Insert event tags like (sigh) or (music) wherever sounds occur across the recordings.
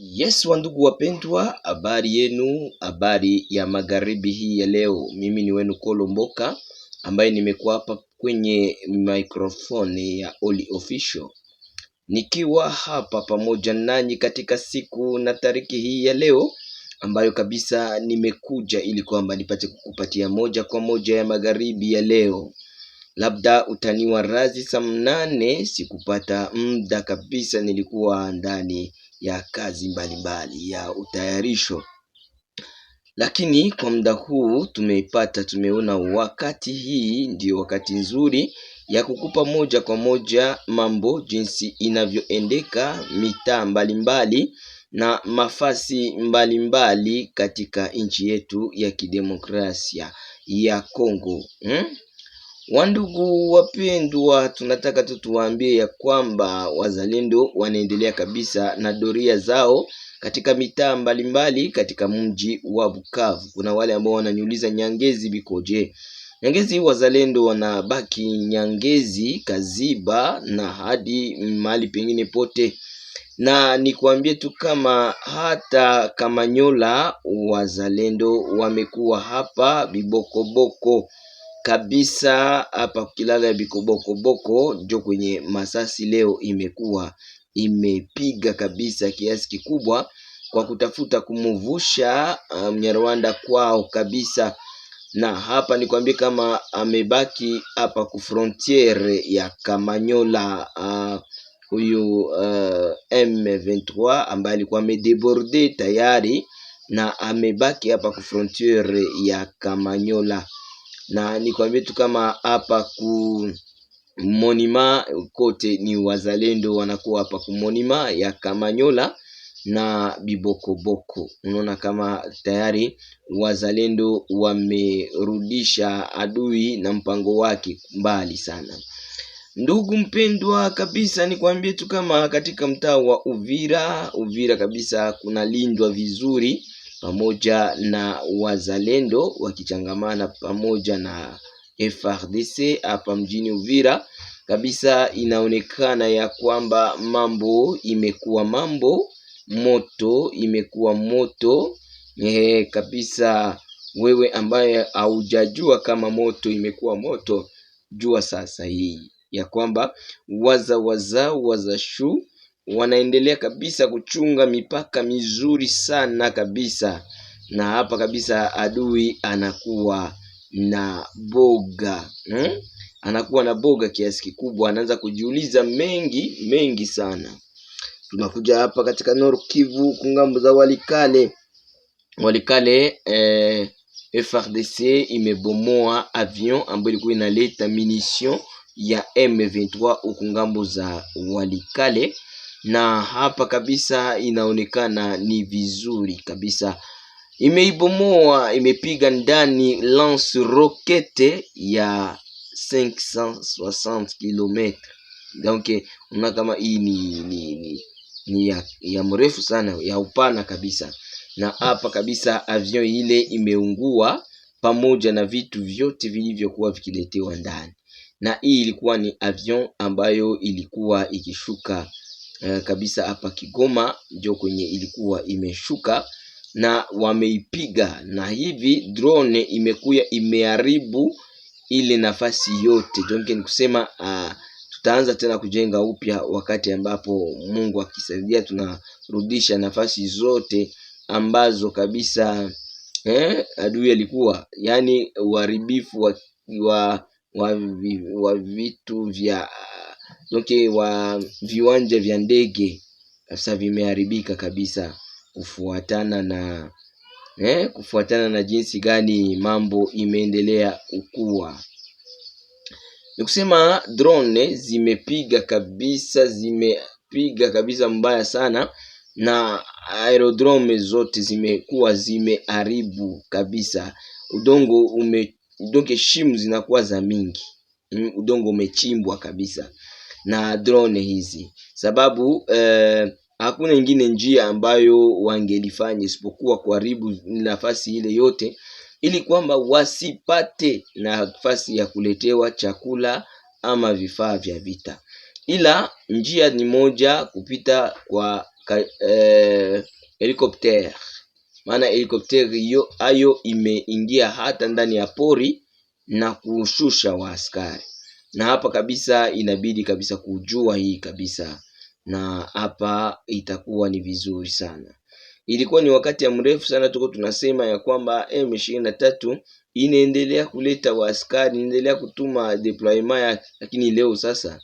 Yes, wandugu wapendwa, habari yenu, habari ya magharibi hii ya leo. Mimi ni wenu Kolo Mboka ambaye nimekuwa hapa kwenye mikrofoni ya Holly Official nikiwa hapa pamoja nanyi katika siku na tariki hii ya leo ambayo kabisa nimekuja ili kwamba nipate kukupatia moja kwa moja ya magharibi ya leo. Labda utaniwa razi saa mnane, sikupata muda kabisa, nilikuwa ndani ya kazi mbalimbali ya utayarisho. Lakini kwa muda huu tumeipata, tumeona wakati hii ndio wakati nzuri ya kukupa moja kwa moja mambo jinsi inavyoendeka mitaa mbalimbali na mafasi mbalimbali katika nchi yetu ya kidemokrasia ya Kongo hmm? Wandugu wapendwa, tunataka tu tuwaambie ya kwamba wazalendo wanaendelea kabisa na doria zao katika mitaa mbalimbali katika mji wa Bukavu. Kuna wale ambao wananiuliza Nyangezi bikoje? Nyangezi wazalendo wanabaki Nyangezi, Kaziba na hadi mahali pengine pote, na kuambie tu kama hata Kamanyola wazalendo wamekuwa hapa Bibokoboko kabisa hapa kilala ya Bikobokoboko ndio kwenye masasi leo imekuwa imepiga kabisa kiasi kikubwa kwa kutafuta kumuvusha Mnyarwanda um, kwao kabisa. Na hapa ni kuambia kama amebaki hapa ku frontiere ya Kamanyola uh, huyu uh, M23 ambaye alikuwa amedeborde tayari na amebaki hapa ku frontiere ya Kamanyola na nikwambie tu kama hapa ku Monima kote ni wazalendo wanakuwa hapa ku Monima ya Kamanyola na Bibokoboko. Unaona kama tayari wazalendo wamerudisha adui na mpango wake mbali sana. Ndugu mpendwa kabisa, nikwambie tu kama katika mtaa wa Uvira, Uvira kabisa kunalindwa vizuri pamoja na wazalendo wakichangamana pamoja na frdc hapa mjini Uvira. Kabisa inaonekana ya kwamba mambo imekuwa mambo moto, imekuwa moto e, kabisa. Wewe ambaye haujajua kama moto imekuwa moto, jua sasa hii ya kwamba waza waza waza shu wanaendelea kabisa kuchunga mipaka mizuri sana kabisa, na hapa kabisa adui anakuwa na boga hmm? Anakuwa na boga kiasi kikubwa, anaanza kujiuliza mengi mengi sana. Tunakuja hapa katika Nord Kivu kungambo za Walikale. Walikale eh, FRDC imebomoa avion ambayo ilikuwa inaleta munition ya M23 ukungambo za Walikale na hapa kabisa inaonekana ni vizuri kabisa imeibomoa imepiga ndani lance rokete ya 560 km donc una kama hii ni, ni, ni, ni ya, ya mrefu sana ya upana kabisa na hapa kabisa avion ile imeungua pamoja na vitu vyote vilivyokuwa vikiletewa ndani na hii ilikuwa ni avion ambayo ilikuwa ikishuka Eh, kabisa hapa Kigoma ndio kwenye ilikuwa imeshuka na wameipiga, na hivi drone imekuya imeharibu ile nafasi yote. Jonke ni kusema uh, tutaanza tena kujenga upya wakati ambapo Mungu akisaidia, tunarudisha nafasi zote ambazo kabisa eh, adui alikuwa yaani uharibifu wa, wa, wa, wa vitu vya okay, wa viwanja vya ndege sasa vimeharibika kabisa kufuatana na eh, kufuatana na jinsi gani mambo imeendelea kukua. Ni kusema drone zimepiga kabisa, zimepiga kabisa mbaya sana, na aerodrome zote zimekuwa zimeharibu kabisa. Udongo ume udongo, shimu zinakuwa za mingi, mm, udongo umechimbwa kabisa na drone hizi, sababu eh, hakuna ingine njia ambayo wangelifanya isipokuwa kuharibu nafasi ile yote, ili kwamba wasipate nafasi ya kuletewa chakula ama vifaa vya vita. Ila njia ni moja, kupita kwa eh, helikopter maana helikopter hiyo ayo imeingia hata ndani ya pori na kushusha waaskari na hapa kabisa inabidi kabisa kujua hii kabisa, na hapa itakuwa ni vizuri sana. Ilikuwa ni wakati ya mrefu sana tuko tunasema ya kwamba M23 inaendelea kuleta waaskari, inaendelea kutuma deployment yake, lakini leo sasa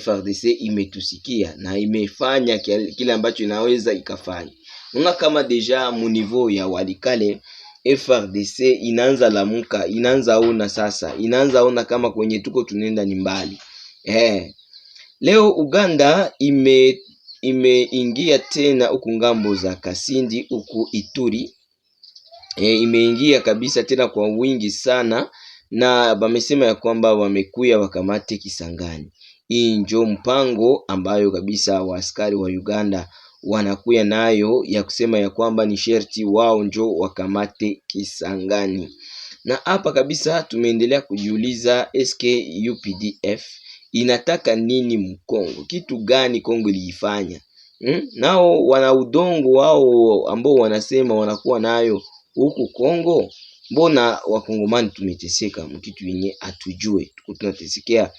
FRDC imetusikia na imefanya kile ambacho inaweza ikafanya. Una kama deja mu niveau ya Walikale FRDC inaanza Lamuka, inaanza ona sasa, inaanza ona kama kwenye tuko tunaenda ni mbali eh. Leo Uganda ime imeingia tena huku ngambo za Kasindi huku Ituri e, imeingia kabisa tena kwa wingi sana, na bamesema ya kwamba wamekuya wakamate Kisangani. Hii njo mpango ambayo kabisa waaskari wa Uganda wanakuya nayo ya kusema ya kwamba ni sherti wao njo wakamate Kisangani. Na hapa kabisa tumeendelea kujiuliza SK UPDF inataka nini Mkongo? Kitu gani Kongo iliifanya? Hmm? Nao wana udongo wao ambao wanasema wanakuwa nayo huku Kongo. Mbona wakongomani tumeteseka mkitu yenye atujue, tuko tunatesekea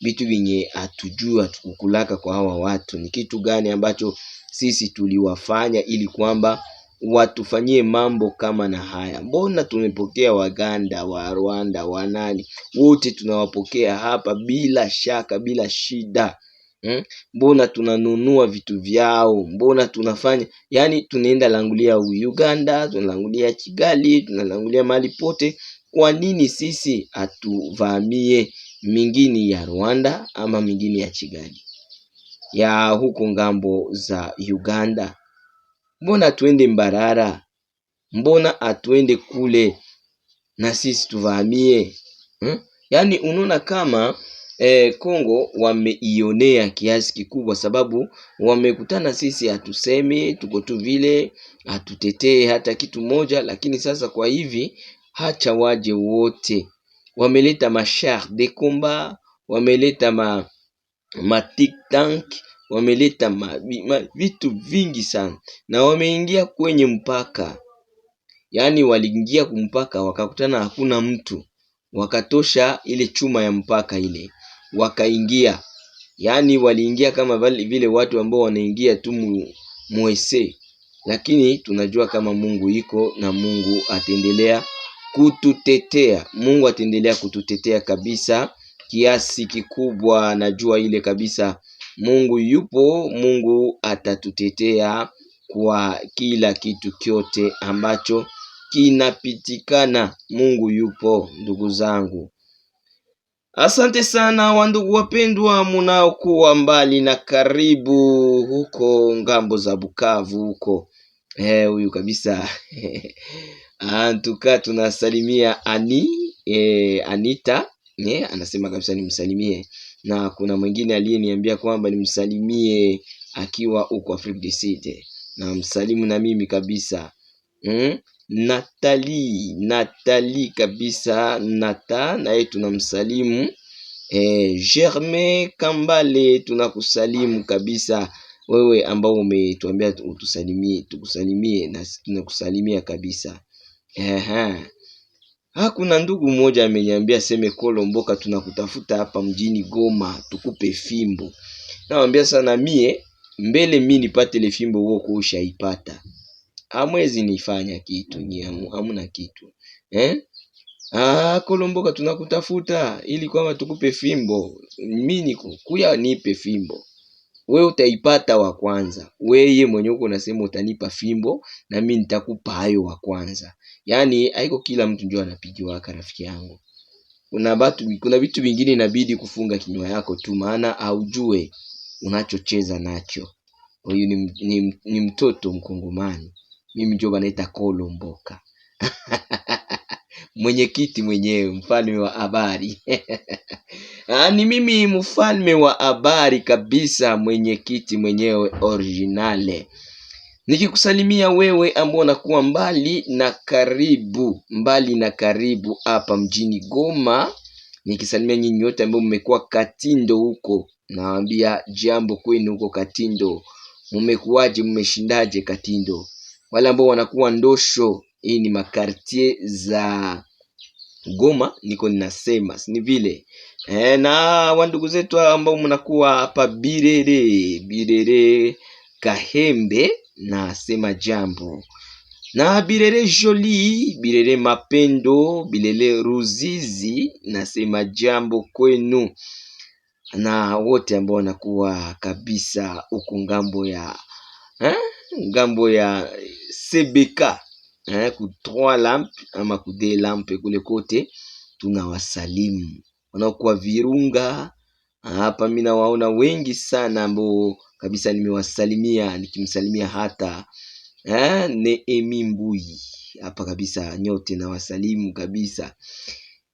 vitu vyenye atujue, tukukulaka kwa hawa watu ni kitu gani ambacho sisi tuliwafanya ili kwamba watufanyie mambo kama na haya. Mbona tumepokea Waganda wa Rwanda wa nani, wote tunawapokea hapa bila shaka, bila shida hmm? Mbona tunanunua vitu vyao, mbona tunafanya yani, tunaenda langulia Uganda, tunalangulia Kigali, tunalangulia mahali pote. Kwa nini sisi hatuvamie mingine ya Rwanda ama mingine ya Kigali? ya huko ngambo za Uganda? Mbona tuende Mbarara? Mbona atuende kule na sisi tuvamie hmm? Yaani unaona kama eh, Kongo wameionea kiasi kikubwa, sababu wamekutana sisi, hatusemi tuko tu vile, hatutetee hata kitu moja. Lakini sasa kwa hivi hacha waje wote, wameleta mashar de combat, wameleta ma tank wameleta vitu vingi sana, na wameingia kwenye mpaka, yaani waliingia kumpaka wakakutana hakuna mtu, wakatosha ile chuma ya mpaka ile wakaingia, yaani waliingia kama vile watu ambao wanaingia tu mwese, lakini tunajua kama Mungu iko na Mungu ataendelea kututetea. Mungu ataendelea kututetea kabisa kiasi kikubwa najua ile kabisa Mungu yupo, Mungu atatutetea kwa kila kitu kyote ambacho kinapitikana. Mungu yupo ndugu zangu. Asante sana wandugu wapendwa, munaokuwa mbali na karibu huko ngambo za Bukavu huko eh, huyu eh, kabisa antuka (laughs) ah, tunasalimia ani eh, Anita ne anasema kabisa nimsalimie, na kuna mwingine aliyeniambia kwamba nimsalimie akiwa uko Afrika Kusini, na msalimu na mimi kabisa mm? Natali Natali kabisa Nata naye tunamsalimu. eh, Germain Kambale tunakusalimu kabisa wewe ambao umetuambia utusalimie tukusalimie, na tunakusalimia kabisa. Aha ha ah, kuna ndugu mmoja ameniambia seme Kolo Mboka, tunakutafuta hapa mjini Goma tukupe fimbo. Nawambia sana mie mbele mi nipate ile fimbo huo kuusha ipata. Hamwezi nifanya kitu nyamu, hamuna kitu. Eh? Ah, Kolomboka tunakutafuta ili kwamba tukupe fimbo. Mimi niko kuya nipe fimbo we utaipata wa kwanza. Wewe mwenye uko unasema utanipa fimbo na mimi nitakupa hayo wa kwanza. Yaani haiko kila mtu njoo anapigiwaka rafiki yangu. Kuna watu, kuna vitu vingine inabidi kufunga kinywa yako tu, maana aujue unachocheza nacho. Huyu ni, ni, ni mtoto Mkongomani, mimi ndio banaita Kolomboka (laughs) mwenyekiti mwenyewe, mfalme wa habari (laughs) ah, ni mimi mfalme wa habari kabisa, mwenyekiti mwenyewe originale, nikikusalimia wewe ambao unakuwa mbali na karibu, mbali na karibu hapa mjini Goma, nikisalimia nyinyi wote ambao mmekuwa Katindo huko, nawaambia jambo kwenu huko Katindo. Mmekuwaje? Mmeshindaje Katindo? Wale ambao wanakuwa Ndosho hii ni makartie za Goma, niko ninasema ni vile e, na wandugu zetu ambao mnakuwa hapa Birere, Birere Kahembe, nasema jambo na Birere Joli, Birere Mapendo, Birere Ruzizi, nasema jambo kwenu na wote ambao wanakuwa kabisa huku ngambo ya eh, ngambo ya Sebeka eh, trois lamp ama deux lamp kule kote, tunawasalimu wanaokuwa Virunga hapa. Mimi nawaona wengi sana ambao kabisa nimewasalimia, nikimsalimia hata eh, Neemi Mbui hapa kabisa, nyote nawasalimu kabisa.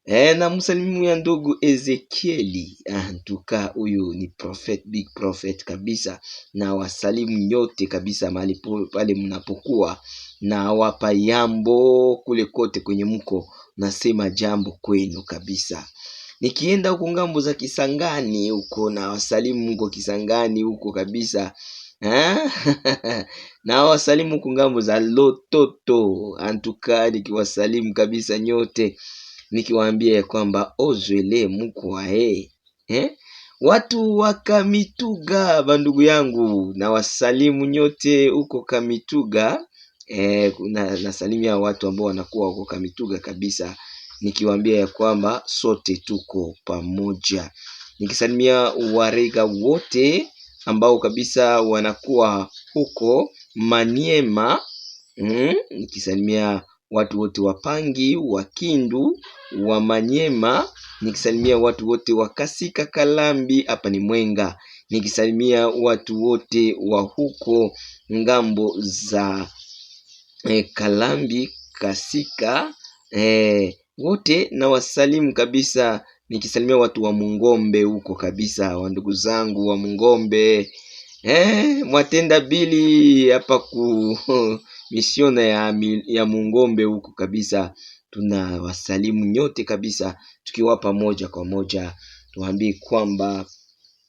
eh, na msalimu ya ndugu Ezekieli ah, ntuka huyu ni prophet, big prophet kabisa, na wasalimu nyote kabisa mahali pale mnapokuwa na wapa yambo kule kote kwenye mko nasema jambo kwenu kabisa. Nikienda huko ngambo za Kisangani huko na wasalimu huko Kisangani huko kabisa eh? (laughs) na wasalimu huko ngambo za Lototo, antuka nikiwasalimu kabisa nyote nikiwaambia ya kwamba ozwele muko wae eh? eh? watu wa Kamituga bandugu yangu, na wasalimu nyote huko Kamituga eh, na, nasalimia watu ambao wanakuwa wako Kamituga kabisa, nikiwaambia ya kwamba sote tuko pamoja, nikisalimia warega wote ambao kabisa wanakuwa huko Maniema mm, nikisalimia watu wote wa Pangi, wa Kindu, wa Manyema, nikisalimia watu wote wa Kasika Kalambi, hapa ni Mwenga, nikisalimia watu wote wa huko ngambo za E, Kalambi Kasika e, wote na wasalimu kabisa, nikisalimia watu wa Mungombe huko kabisa, wandugu zangu wa Mungombe eh, mwatenda bili hapa ku (laughs) misiona ya, ya Mungombe huko kabisa. Tuna wasalimu nyote kabisa, tukiwa pamoja kwa moja, tuambie kwamba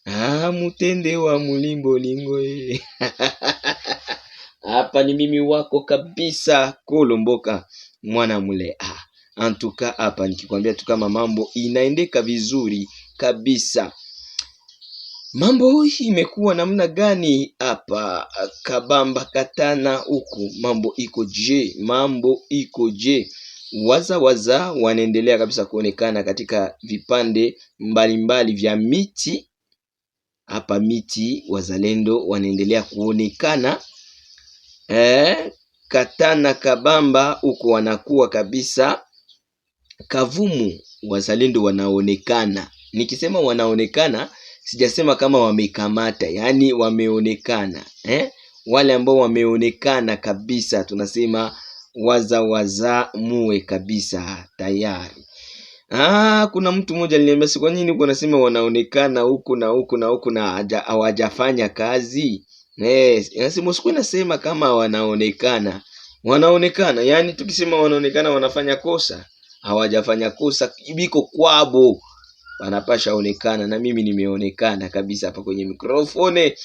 ah, mutende wa mulimbo lingoe (laughs) hapa ni mimi wako kabisa Kolomboka mwana mule ah antuka hapa nikikwambia tu kama mambo inaendeka vizuri kabisa. Mambo hii imekuwa namna gani hapa Kabamba Katana huku? Mambo iko je? Mambo iko je? Waza waza wanaendelea kabisa kuonekana katika vipande mbalimbali mbali vya miti hapa. Miti wazalendo wanaendelea kuonekana eh, Katana Kabamba huko wanakuwa kabisa kavumu. Wazalendo wanaonekana, nikisema wanaonekana, sijasema kama wamekamata, yaani wameonekana eh? Wale ambao wameonekana kabisa, tunasema waza waza muwe kabisa tayari. Ah, kuna mtu mmoja aliniambia, si kwa nini uko nasema wanaonekana huku na huku na huku na hawajafanya kazi? Yes, na nasema kama wanaonekana. Wanaonekana, yani tukisema wanaonekana wanafanya kosa, hawajafanya kosa biko kwabo. Wanapasha onekana na mimi nimeonekana kabisa hapa kwenye mikrofone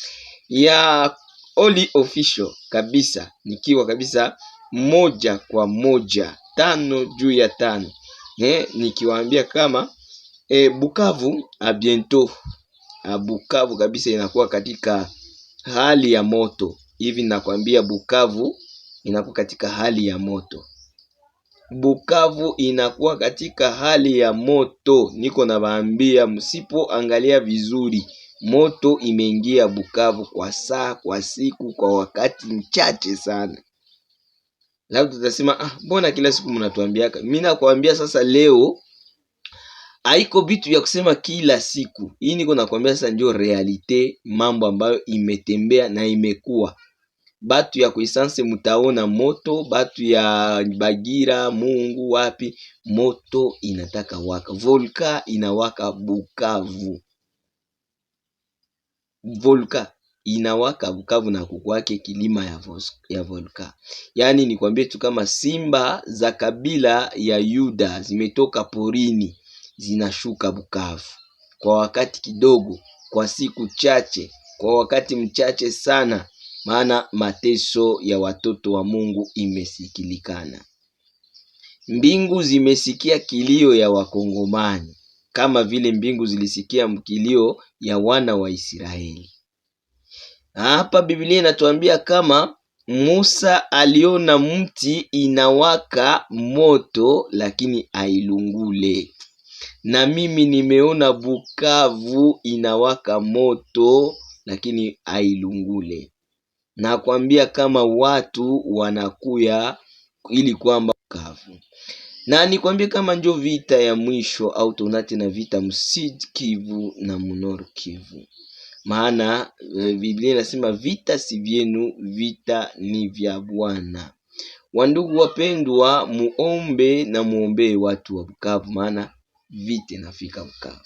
ya Holly Official kabisa, nikiwa kabisa moja kwa moja tano juu ya tano eh, nikiwaambia kama e, Bukavu a bientôt a ah, Bukavu kabisa inakuwa katika hali ya moto. Hivi nakwambia Bukavu inakuwa katika hali ya moto. Bukavu inakuwa katika hali ya moto, niko nawaambia, msipoangalia vizuri, moto imeingia Bukavu kwa saa, kwa siku, kwa wakati mchache sana. Labda tutasema ah, mbona kila siku mnatuambiaka? Mimi nakwambia sasa leo haiko bitu ya kusema kila siku. Hii niko nakwambia sasa, ndio realite mambo ambayo imetembea na imekuwa batu ya kuisanse mutaona moto, batu ya Bagira, Mungu wapi, moto inataka waka, volka inawaka Bukavu, volka inawaka Bukavu na kukwake kilima ya, vos, ya volka. Yani nikwambie tu kama simba za kabila ya Yuda zimetoka porini zinashuka Bukavu kwa wakati kidogo, kwa siku chache, kwa wakati mchache sana, maana mateso ya watoto wa Mungu imesikilikana. Mbingu zimesikia kilio ya Wakongomani kama vile mbingu zilisikia mkilio ya wana wa Israeli. Hapa Biblia inatuambia kama Musa aliona mti inawaka moto lakini ailungule na mimi nimeona Bukavu inawaka moto, lakini ailungule Nakwambia kama watu wanakuya ili kwamba Bukavu na nikwambie kama njo vita ya mwisho au tunati na vita msid Kivu na munor Kivu, maana eh, Biblia inasema vita si vyenu, vita ni vya Bwana. Wandugu wapendwa, muombe na muombee watu wa Bukavu, maana vite nafika mkavu,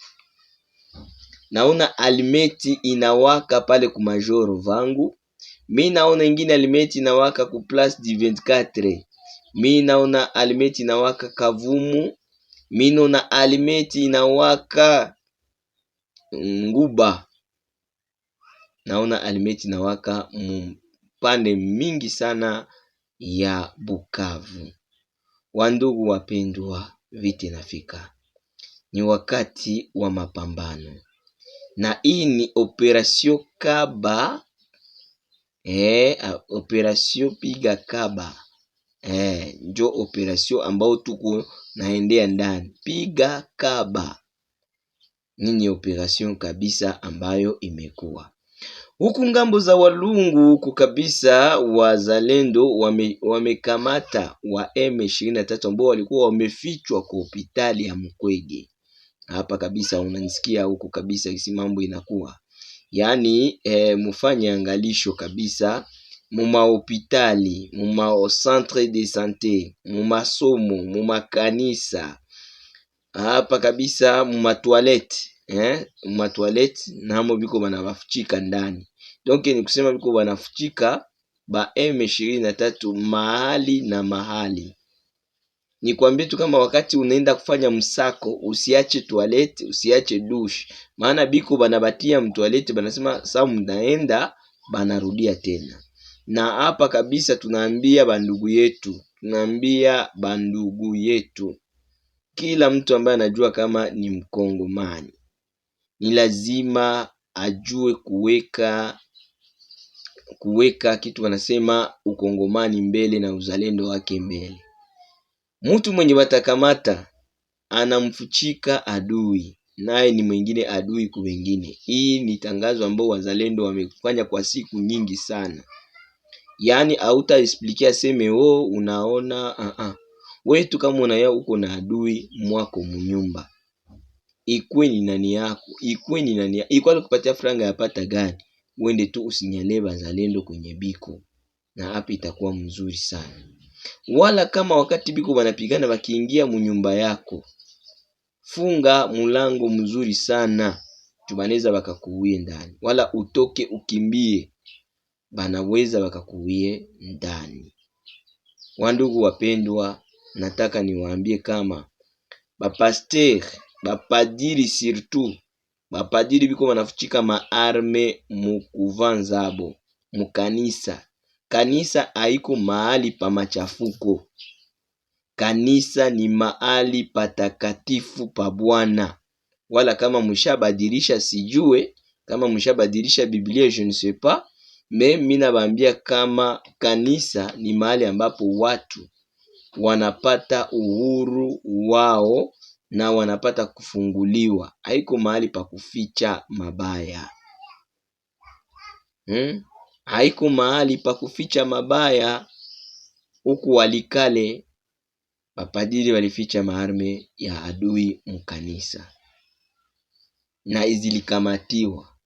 naona alimeti inawaka pale kumajoro vangu mi naona ingine alimeti inawaka ku place du 24 mi naona alimeti inawaka Kavumu, mi naona alimeti inawaka mm, Nguba, naona alimeti inawaka mpande mingi sana ya Bukavu. Wandugu wapendwa, vite inafika. Ni wakati wa mapambano na hii ni operation kaba eh, operation piga kaba eh, njo operation ambao tuko naendea ndani. Piga kaba nini operation kabisa ambayo imekuwa huku ngambo za Walungu huku kabisa, wazalendo wamekamata wa M23 ambao walikuwa wamefichwa kwa hospitali ya Mkwege hapa kabisa, unanisikia huku kabisa, isi mambo inakuwa yaani e, mufanye angalisho kabisa mumahopitali mumacentre de sante mumasomo mumakanisa hapa kabisa mumatoilette eh, mumatoilette namo biko banabafuchika ndani. Donc ni kusema biko banafuchika ba M 23 na tatu mahali na mahali ni nikwambie tu kama wakati unaenda kufanya msako usiache toilet usiache douche, maana biko banabatia mtoilet, banasema saa mnaenda banarudia tena na hapa kabisa tunaambia bandugu yetu tunaambia bandugu yetu kila mtu ambaye anajua kama ni mkongomani ni lazima ajue kuweka kuweka kitu wanasema ukongomani mbele na uzalendo wake mbele Mtu mwenye watakamata anamfuchika adui, naye ni mwingine adui kwa wengine. Hii ni tangazo ambao wazalendo wamefanya kwa siku nyingi sana, yaani hautaisplikia seme wo oh, unaona uh ah, -uh. Ah. Wetu kama unaya uko na adui mwako munyumba, ikwe ni nani yako, ikwe ni nani yako, ikwe kupatia franga yapata gani, uende tu usinyale bazalendo kwenye biko, na hapo itakuwa mzuri sana wala kama wakati biko banapigana bakiingia munyumba yako, funga mulango mzuri sana tubaneza bakakuwie ndani, wala utoke ukimbie, banaweza bakakuwie ndani. Wandugu wapendwa, nataka niwaambie kama bapaster bapadiri surtout bapadiri biko wanafuchika maarme mukuva mukanisa Kanisa haiko mahali pa machafuko. Kanisa ni mahali patakatifu pa Bwana, wala kama mshabadilisha sijue, kama mshabadilisha Biblia je ne sais pas, me mimi nabambia kama kanisa ni mahali ambapo watu wanapata uhuru wao na wanapata kufunguliwa, haiko mahali pa kuficha mabaya hmm? Haiko mahali pa kuficha mabaya, huku walikale mapadiri walificha maarme ya adui mkanisa, na zilikamatiwa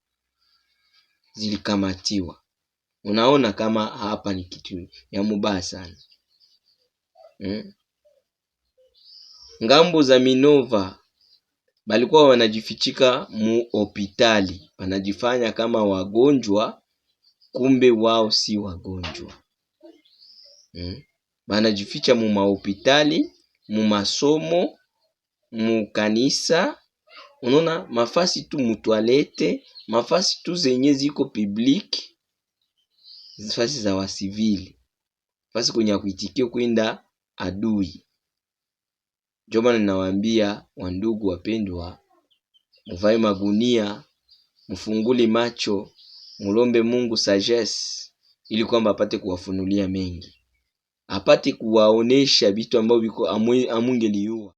zilikamatiwa. Unaona kama hapa ni kitu ya mubaya sana hmm? Ngambo za Minova balikuwa wanajifichika mu hopitali, wanajifanya kama wagonjwa kumbe wao si wagonjwa hmm? Banajificha mu mahopitali, mu masomo, mu kanisa, unaona mafasi tu mutwalete, mafasi tu zenye ziko public, fasi za wasivili, fasi kwenye akuitikia kwenda adui. Ndio maana ninawaambia wandugu wapendwa, muvae magunia, mfunguli macho mulombe Mungu sagesse ili kwamba apate kuwafunulia mengi, apate kuwaonesha vitu ambavyo viko amungeliua.